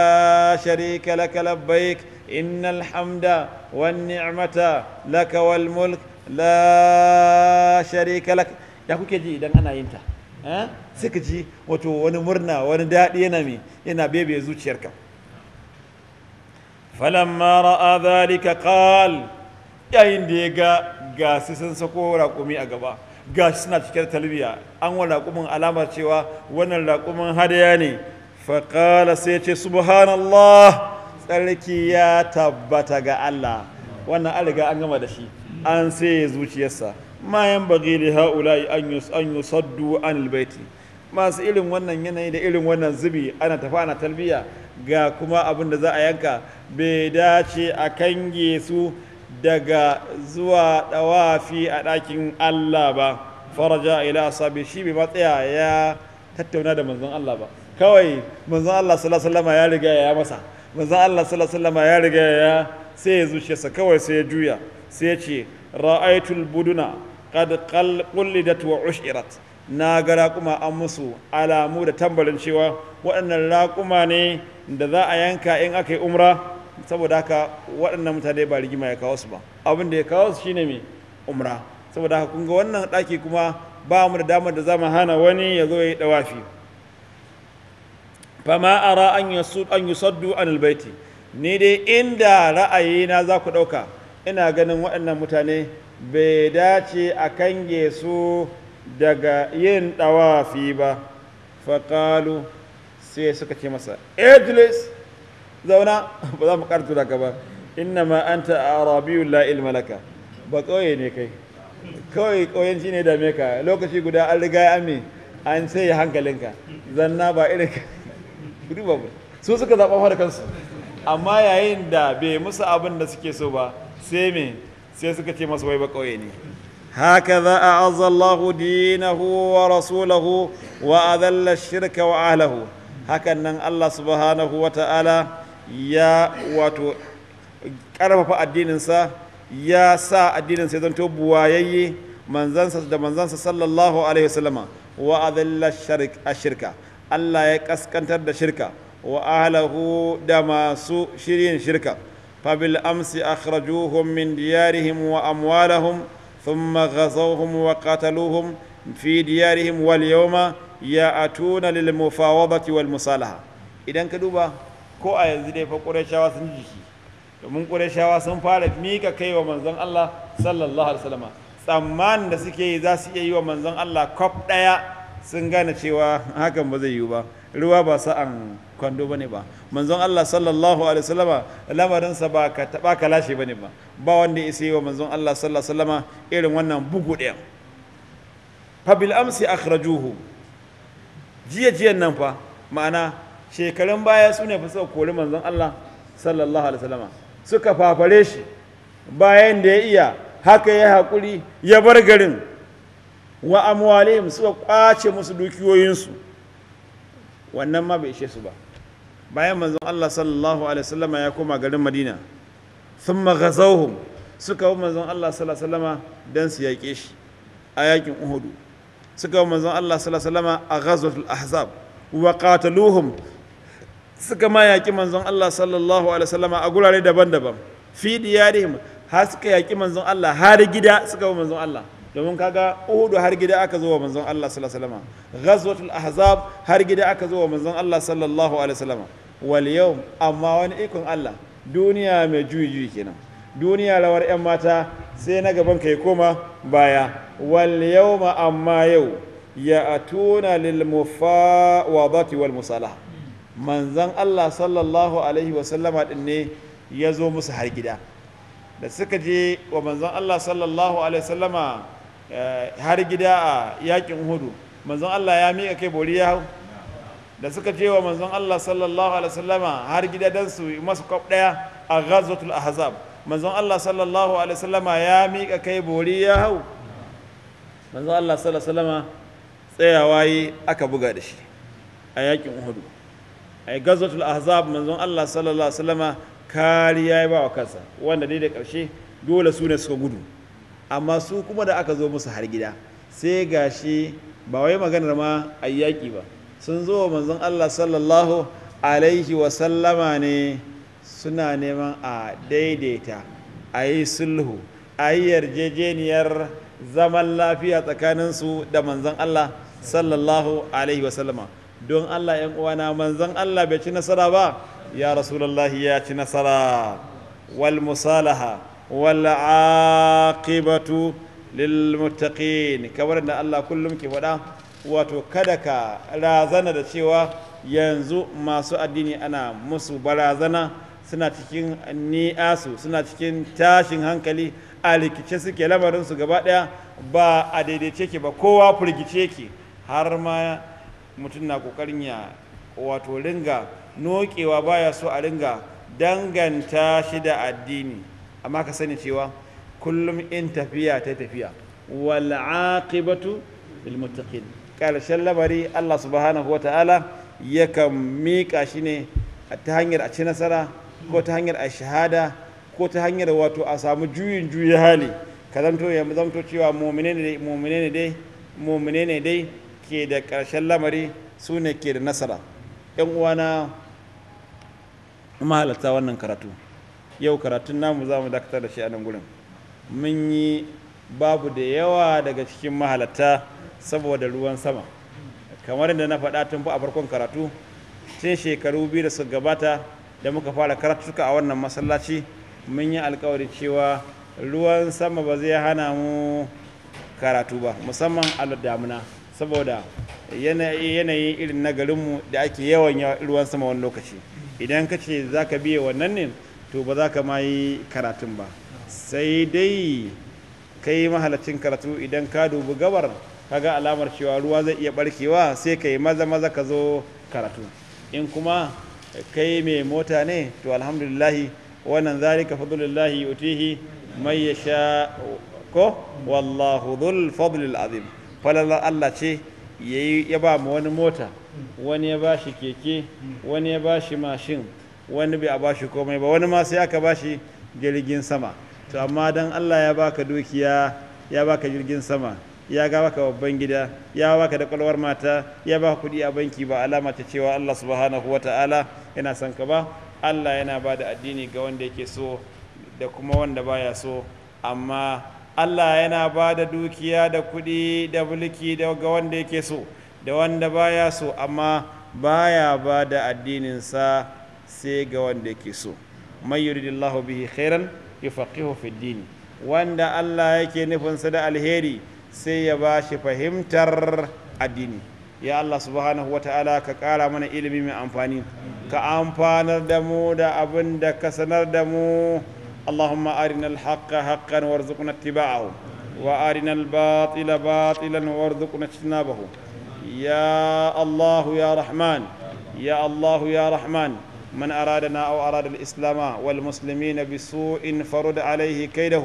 sharika lak labbaik innal hamda wan ni'mata lak wal mulk la sharika lak ya kuke ji idan ana yin ta eh suka ji wato wani murna wani daɗi yana yana bebe zuciyarka falamma ra'a dhalika qal yayin da ya ga ga su sun sako raƙumi a gaba ga suna cikin talbiya an wa raƙumin alamar cewa wannan raƙumin hadaya ne faƙala sai ce subhanallah tsarki ya tabbata ga Allah wannan an an gama da shi an sai zuciyarsa ma yan bagi li haula'i an saddu an albaiti masu irin wannan yanayi da irin wannan zubi ana tafi ana talbiya ga kuma abin da za a yanka bai dace a kange su daga zuwa dawafi a ɗakin Allah ba faraja ila sabi shi bai matsaya ya tattauna da manzon Allah ba kawai manzon Allah sallallahu alaihi wasallam ya riga ya masa manzon Allah sallallahu alaihi wasallam ya riga ya sai ya zuciyarsa kawai sai ya juya sai ya ce ra'aitul buduna qad qullidat wa ushirat na ga raƙuma an musu alamu da tambarin cewa waɗannan raƙuma ne da za a yanka in aka yi umra saboda haka waɗannan mutane ba rigima ya kawo su ba abin da ya kawo su shine mai umra saboda haka kun ga wannan ɗaki kuma ba mu da damar da za mu hana wani ya zo ya yi ɗawafi fama ara an an yusaddu an albaiti ni dai inda ra'ayina za ku ɗauka ina ganin waɗannan mutane bai dace a kange su daga yin ɗawafi ba faƙalu sai suka ce masa ejlis zauna ba za mu ƙara da ka ba inna ma anta arabiyyu la ilma laka ba ƙauye ne kai kawai ƙauyenci ne dame ka lokaci guda an riga ya ame an sai ya hankalinka zanna ba irin ka duba ba su suka zaɓa fara kansu amma yayin da bai musu abin da suke so ba sai me sai suka ce masu wai ba ƙauye ne a azallahu هكذا أعز الله دينه ورسوله وأذل hakan nan allah الله wa ta'ala. ya wato ƙarfafa addininsa ya sa addininsa ya zanto buwayayye manzansa da manzansa sallallahu alaihi wasallama wa adalla shirka Allah ya kaskantar da shirka wa ahlahu da masu shirin shirka fabil amsi akhrajuhum min diyarihim wa amwalahum thumma ghazawhum wa qataluhum fi diyarihim wal yawma ya'atuna lil mufawabati wal musalaha idan ka duba ko a yanzu dai fa ƙurashawa sun jiki domin ƙurashawa sun fara mika kai wa manzon Allah sallallahu alaihi wasallam tsammanin da suke yi za su iya yi wa manzon Allah kwaf ɗaya sun gane cewa hakan ba zai yiwu ba ruwa ba sa'an kwando bane ba manzon Allah sallallahu alaihi wasallama lamarinsa ba ka ka lashe bane ba ba wanda ya yi wa manzon Allah sallallahu alaihi wasallama irin wannan bugu ɗaya fa bil amsi akhrajuhu jiya jiyan nan fa ma'ana shekarun baya su ne suka kori manzon Allah sallallahu alaihi wasallama suka fafare shi bayan da ya iya haka ya haƙuri ya bar garin wa amwalihim suka kwace musu dukiyoyinsu wannan ma bai ishe su ba bayan manzon Allah sallallahu alaihi wasallama ya koma garin Madina thumma ghazawhum suka wa manzon Allah sallallahu alaihi wasallama dan su yaƙe shi a yakin Uhud suka wa manzon Allah sallallahu alaihi wasallama a ghazwatul ahzab wa qataluhum suka ma yaƙi manzon Allah sallallahu alaihi wasallama a gurare daban-daban fi diyarihim har suka yaƙi manzon Allah har gida suka wa manzon Allah domin kaga Uhud har gida aka zo wa manzon Allah sallallahu alaihi wasallama ghazwatul ahzab har gida aka zo wa manzon Allah sallallahu alaihi wasallama wal yau amma wani ikon Allah duniya mai juyi juyi kenan duniya lawar 'yan mata sai na gaban kai koma baya wal yau amma yau ya atuna lil mufawabati wal musalaha manzan Allah sallallahu alaihi wasallama din ne ya zo musu har gida da suka je wa manzan Allah sallallahu alaihi wasallama eh, har gida a yakin hudu manzan Allah ya miƙa kai bori ya hau da suka je wa manzan Allah sallallahu alaihi wasallama har gida don su masu kwaf daya a ghazwatul ahzab manzon Allah sallallahu alaihi wasallama ya miƙa kai bori ya hau manzon Allah sallallahu alaihi wasallama tsayawa yi aka buga da shi a yakin Hudu. a gazatul ahzab manzon Allah sallallahu alaihi wasallama kariya ya ba wa kansa wanda dai da ƙarshe dole su ne suka gudu amma su kuma da aka zo musu har gida sai gashi ba wai maganar ma ayyaki ba sun zo manzon Allah sallallahu alaihi wasallama ne suna neman a daidaita a yi sulhu a yi yarjejeniyar zaman lafiya tsakaninsu da manzon Allah sallallahu alaihi wasallama don Allah ‘yan uwana manzan Allah bai ci nasara ba ya rasulullahi ya ci nasara wal musalaha wal aqibatu lil muttaqin kamar da Allah kullum ke faɗa wato kada ka razana da cewa yanzu masu addini ana musu barazana suna cikin ni'asu suna cikin tashin hankali a rikice suke lamarinsu gaba ɗaya ba a daidaice ke ba kowa firgice ke har ma mutum na kokarin ya wato ringa nokewa baya so a ringa danganta shi da addini amma ka sani cewa kullum in tafiya ta tafiya wal aqibatu lil muttaqin karshen labari Allah subhanahu wataala yakan mika shi ne ta hanyar a ci nasara ko ta hanyar a shahada ko ta hanyar wato a samu juyin juyi hali ka zanto ya zanto cewa mumine ne dai mumine ne dai ke da ƙarshen lamari su ne ke da nasara yan uwana mahalarta wannan karatu yau karatun namu za mu dakatar da shi a nan gurin mun yi babu da yawa daga cikin mahalarta saboda ruwan sama kamar da na faɗa tun a farkon karatu tun shekaru biyu da suka gabata da muka fara karatuka a wannan masallaci mun yi alkawari cewa ruwan sama ba zai hana mu karatu ba musamman a damuna saboda yanayin irin na garinmu da ake yawan ruwan sama wani lokaci idan ka ce za ka biya wannan ne to ba za ka ma yi karatun ba sai dai ka yi mahalacin karatu idan ka dubi gabar ga alamar cewa ruwa zai iya barkewa sai ka yi maza maza ka zo karatu in kuma kai mai mota ne to alhamdulillahi wannan zalika fadlullahi yutihi mai yasha ko wallahu dhul fadlil azim falalar Allah ce ya ba mu wani mota wani ya ba shi keke wani ya ba shi mashin wani bai a ba shi komai ba wani masu sai aka ba shi jirgin sama to amma dan Allah ya baka dukiya ya baka jirgin sama ya ga baka babban gida ya baka da kwalwar mata ya baka kuɗi a banki ba alama ta cewa Allah subhanahu wa wata'ala yana son ka ba Allah yana ba da addini ga wanda yake so da kuma wanda baya so amma Allah yana ba da dukiya da kuɗi da mulki da ga wanda yake so da wanda baya so amma baya ba da addininsa sai ga wanda yake so mai yuridillahu bihi khairan yufaqihu fi din wanda Allah yake nufinsa da alheri sai ya ba shi fahimtar addini ya Allah subhanahu wata'ala ka ƙara mana ilimi mai amfani ka amfanar da mu da abin da ka sanar da mu اللهم أرنا الحق حقا وارزقنا اتباعه وأرنا الباطل باطلا وارزقنا اجتنابه يا الله يا رحمن يا الله يا رحمن من أرادنا أو أراد الإسلام والمسلمين بسوء فرد عليه كيده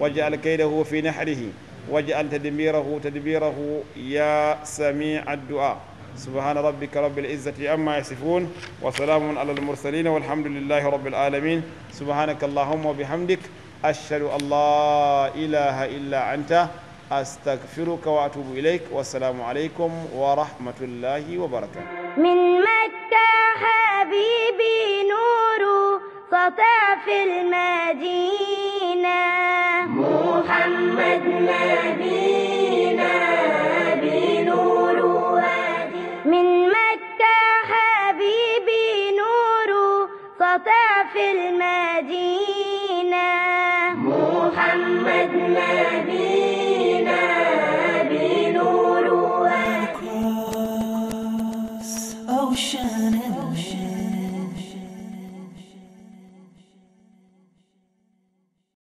واجعل كيده في نحره واجعل تدميره تدبيره يا سميع الدعاء سبحان ربك رب العزة عما يصفون وسلام على المرسلين والحمد لله رب العالمين سبحانك اللهم وبحمدك أشهد أن لا إله إلا أنت أستغفرك وأتوب إليك والسلام عليكم ورحمة الله وبركاته من مكة حبيبي نور سطع في المدينة محمد نبينا حبيبي نور سطع في المدينة محمد نبينا بنور أو شهر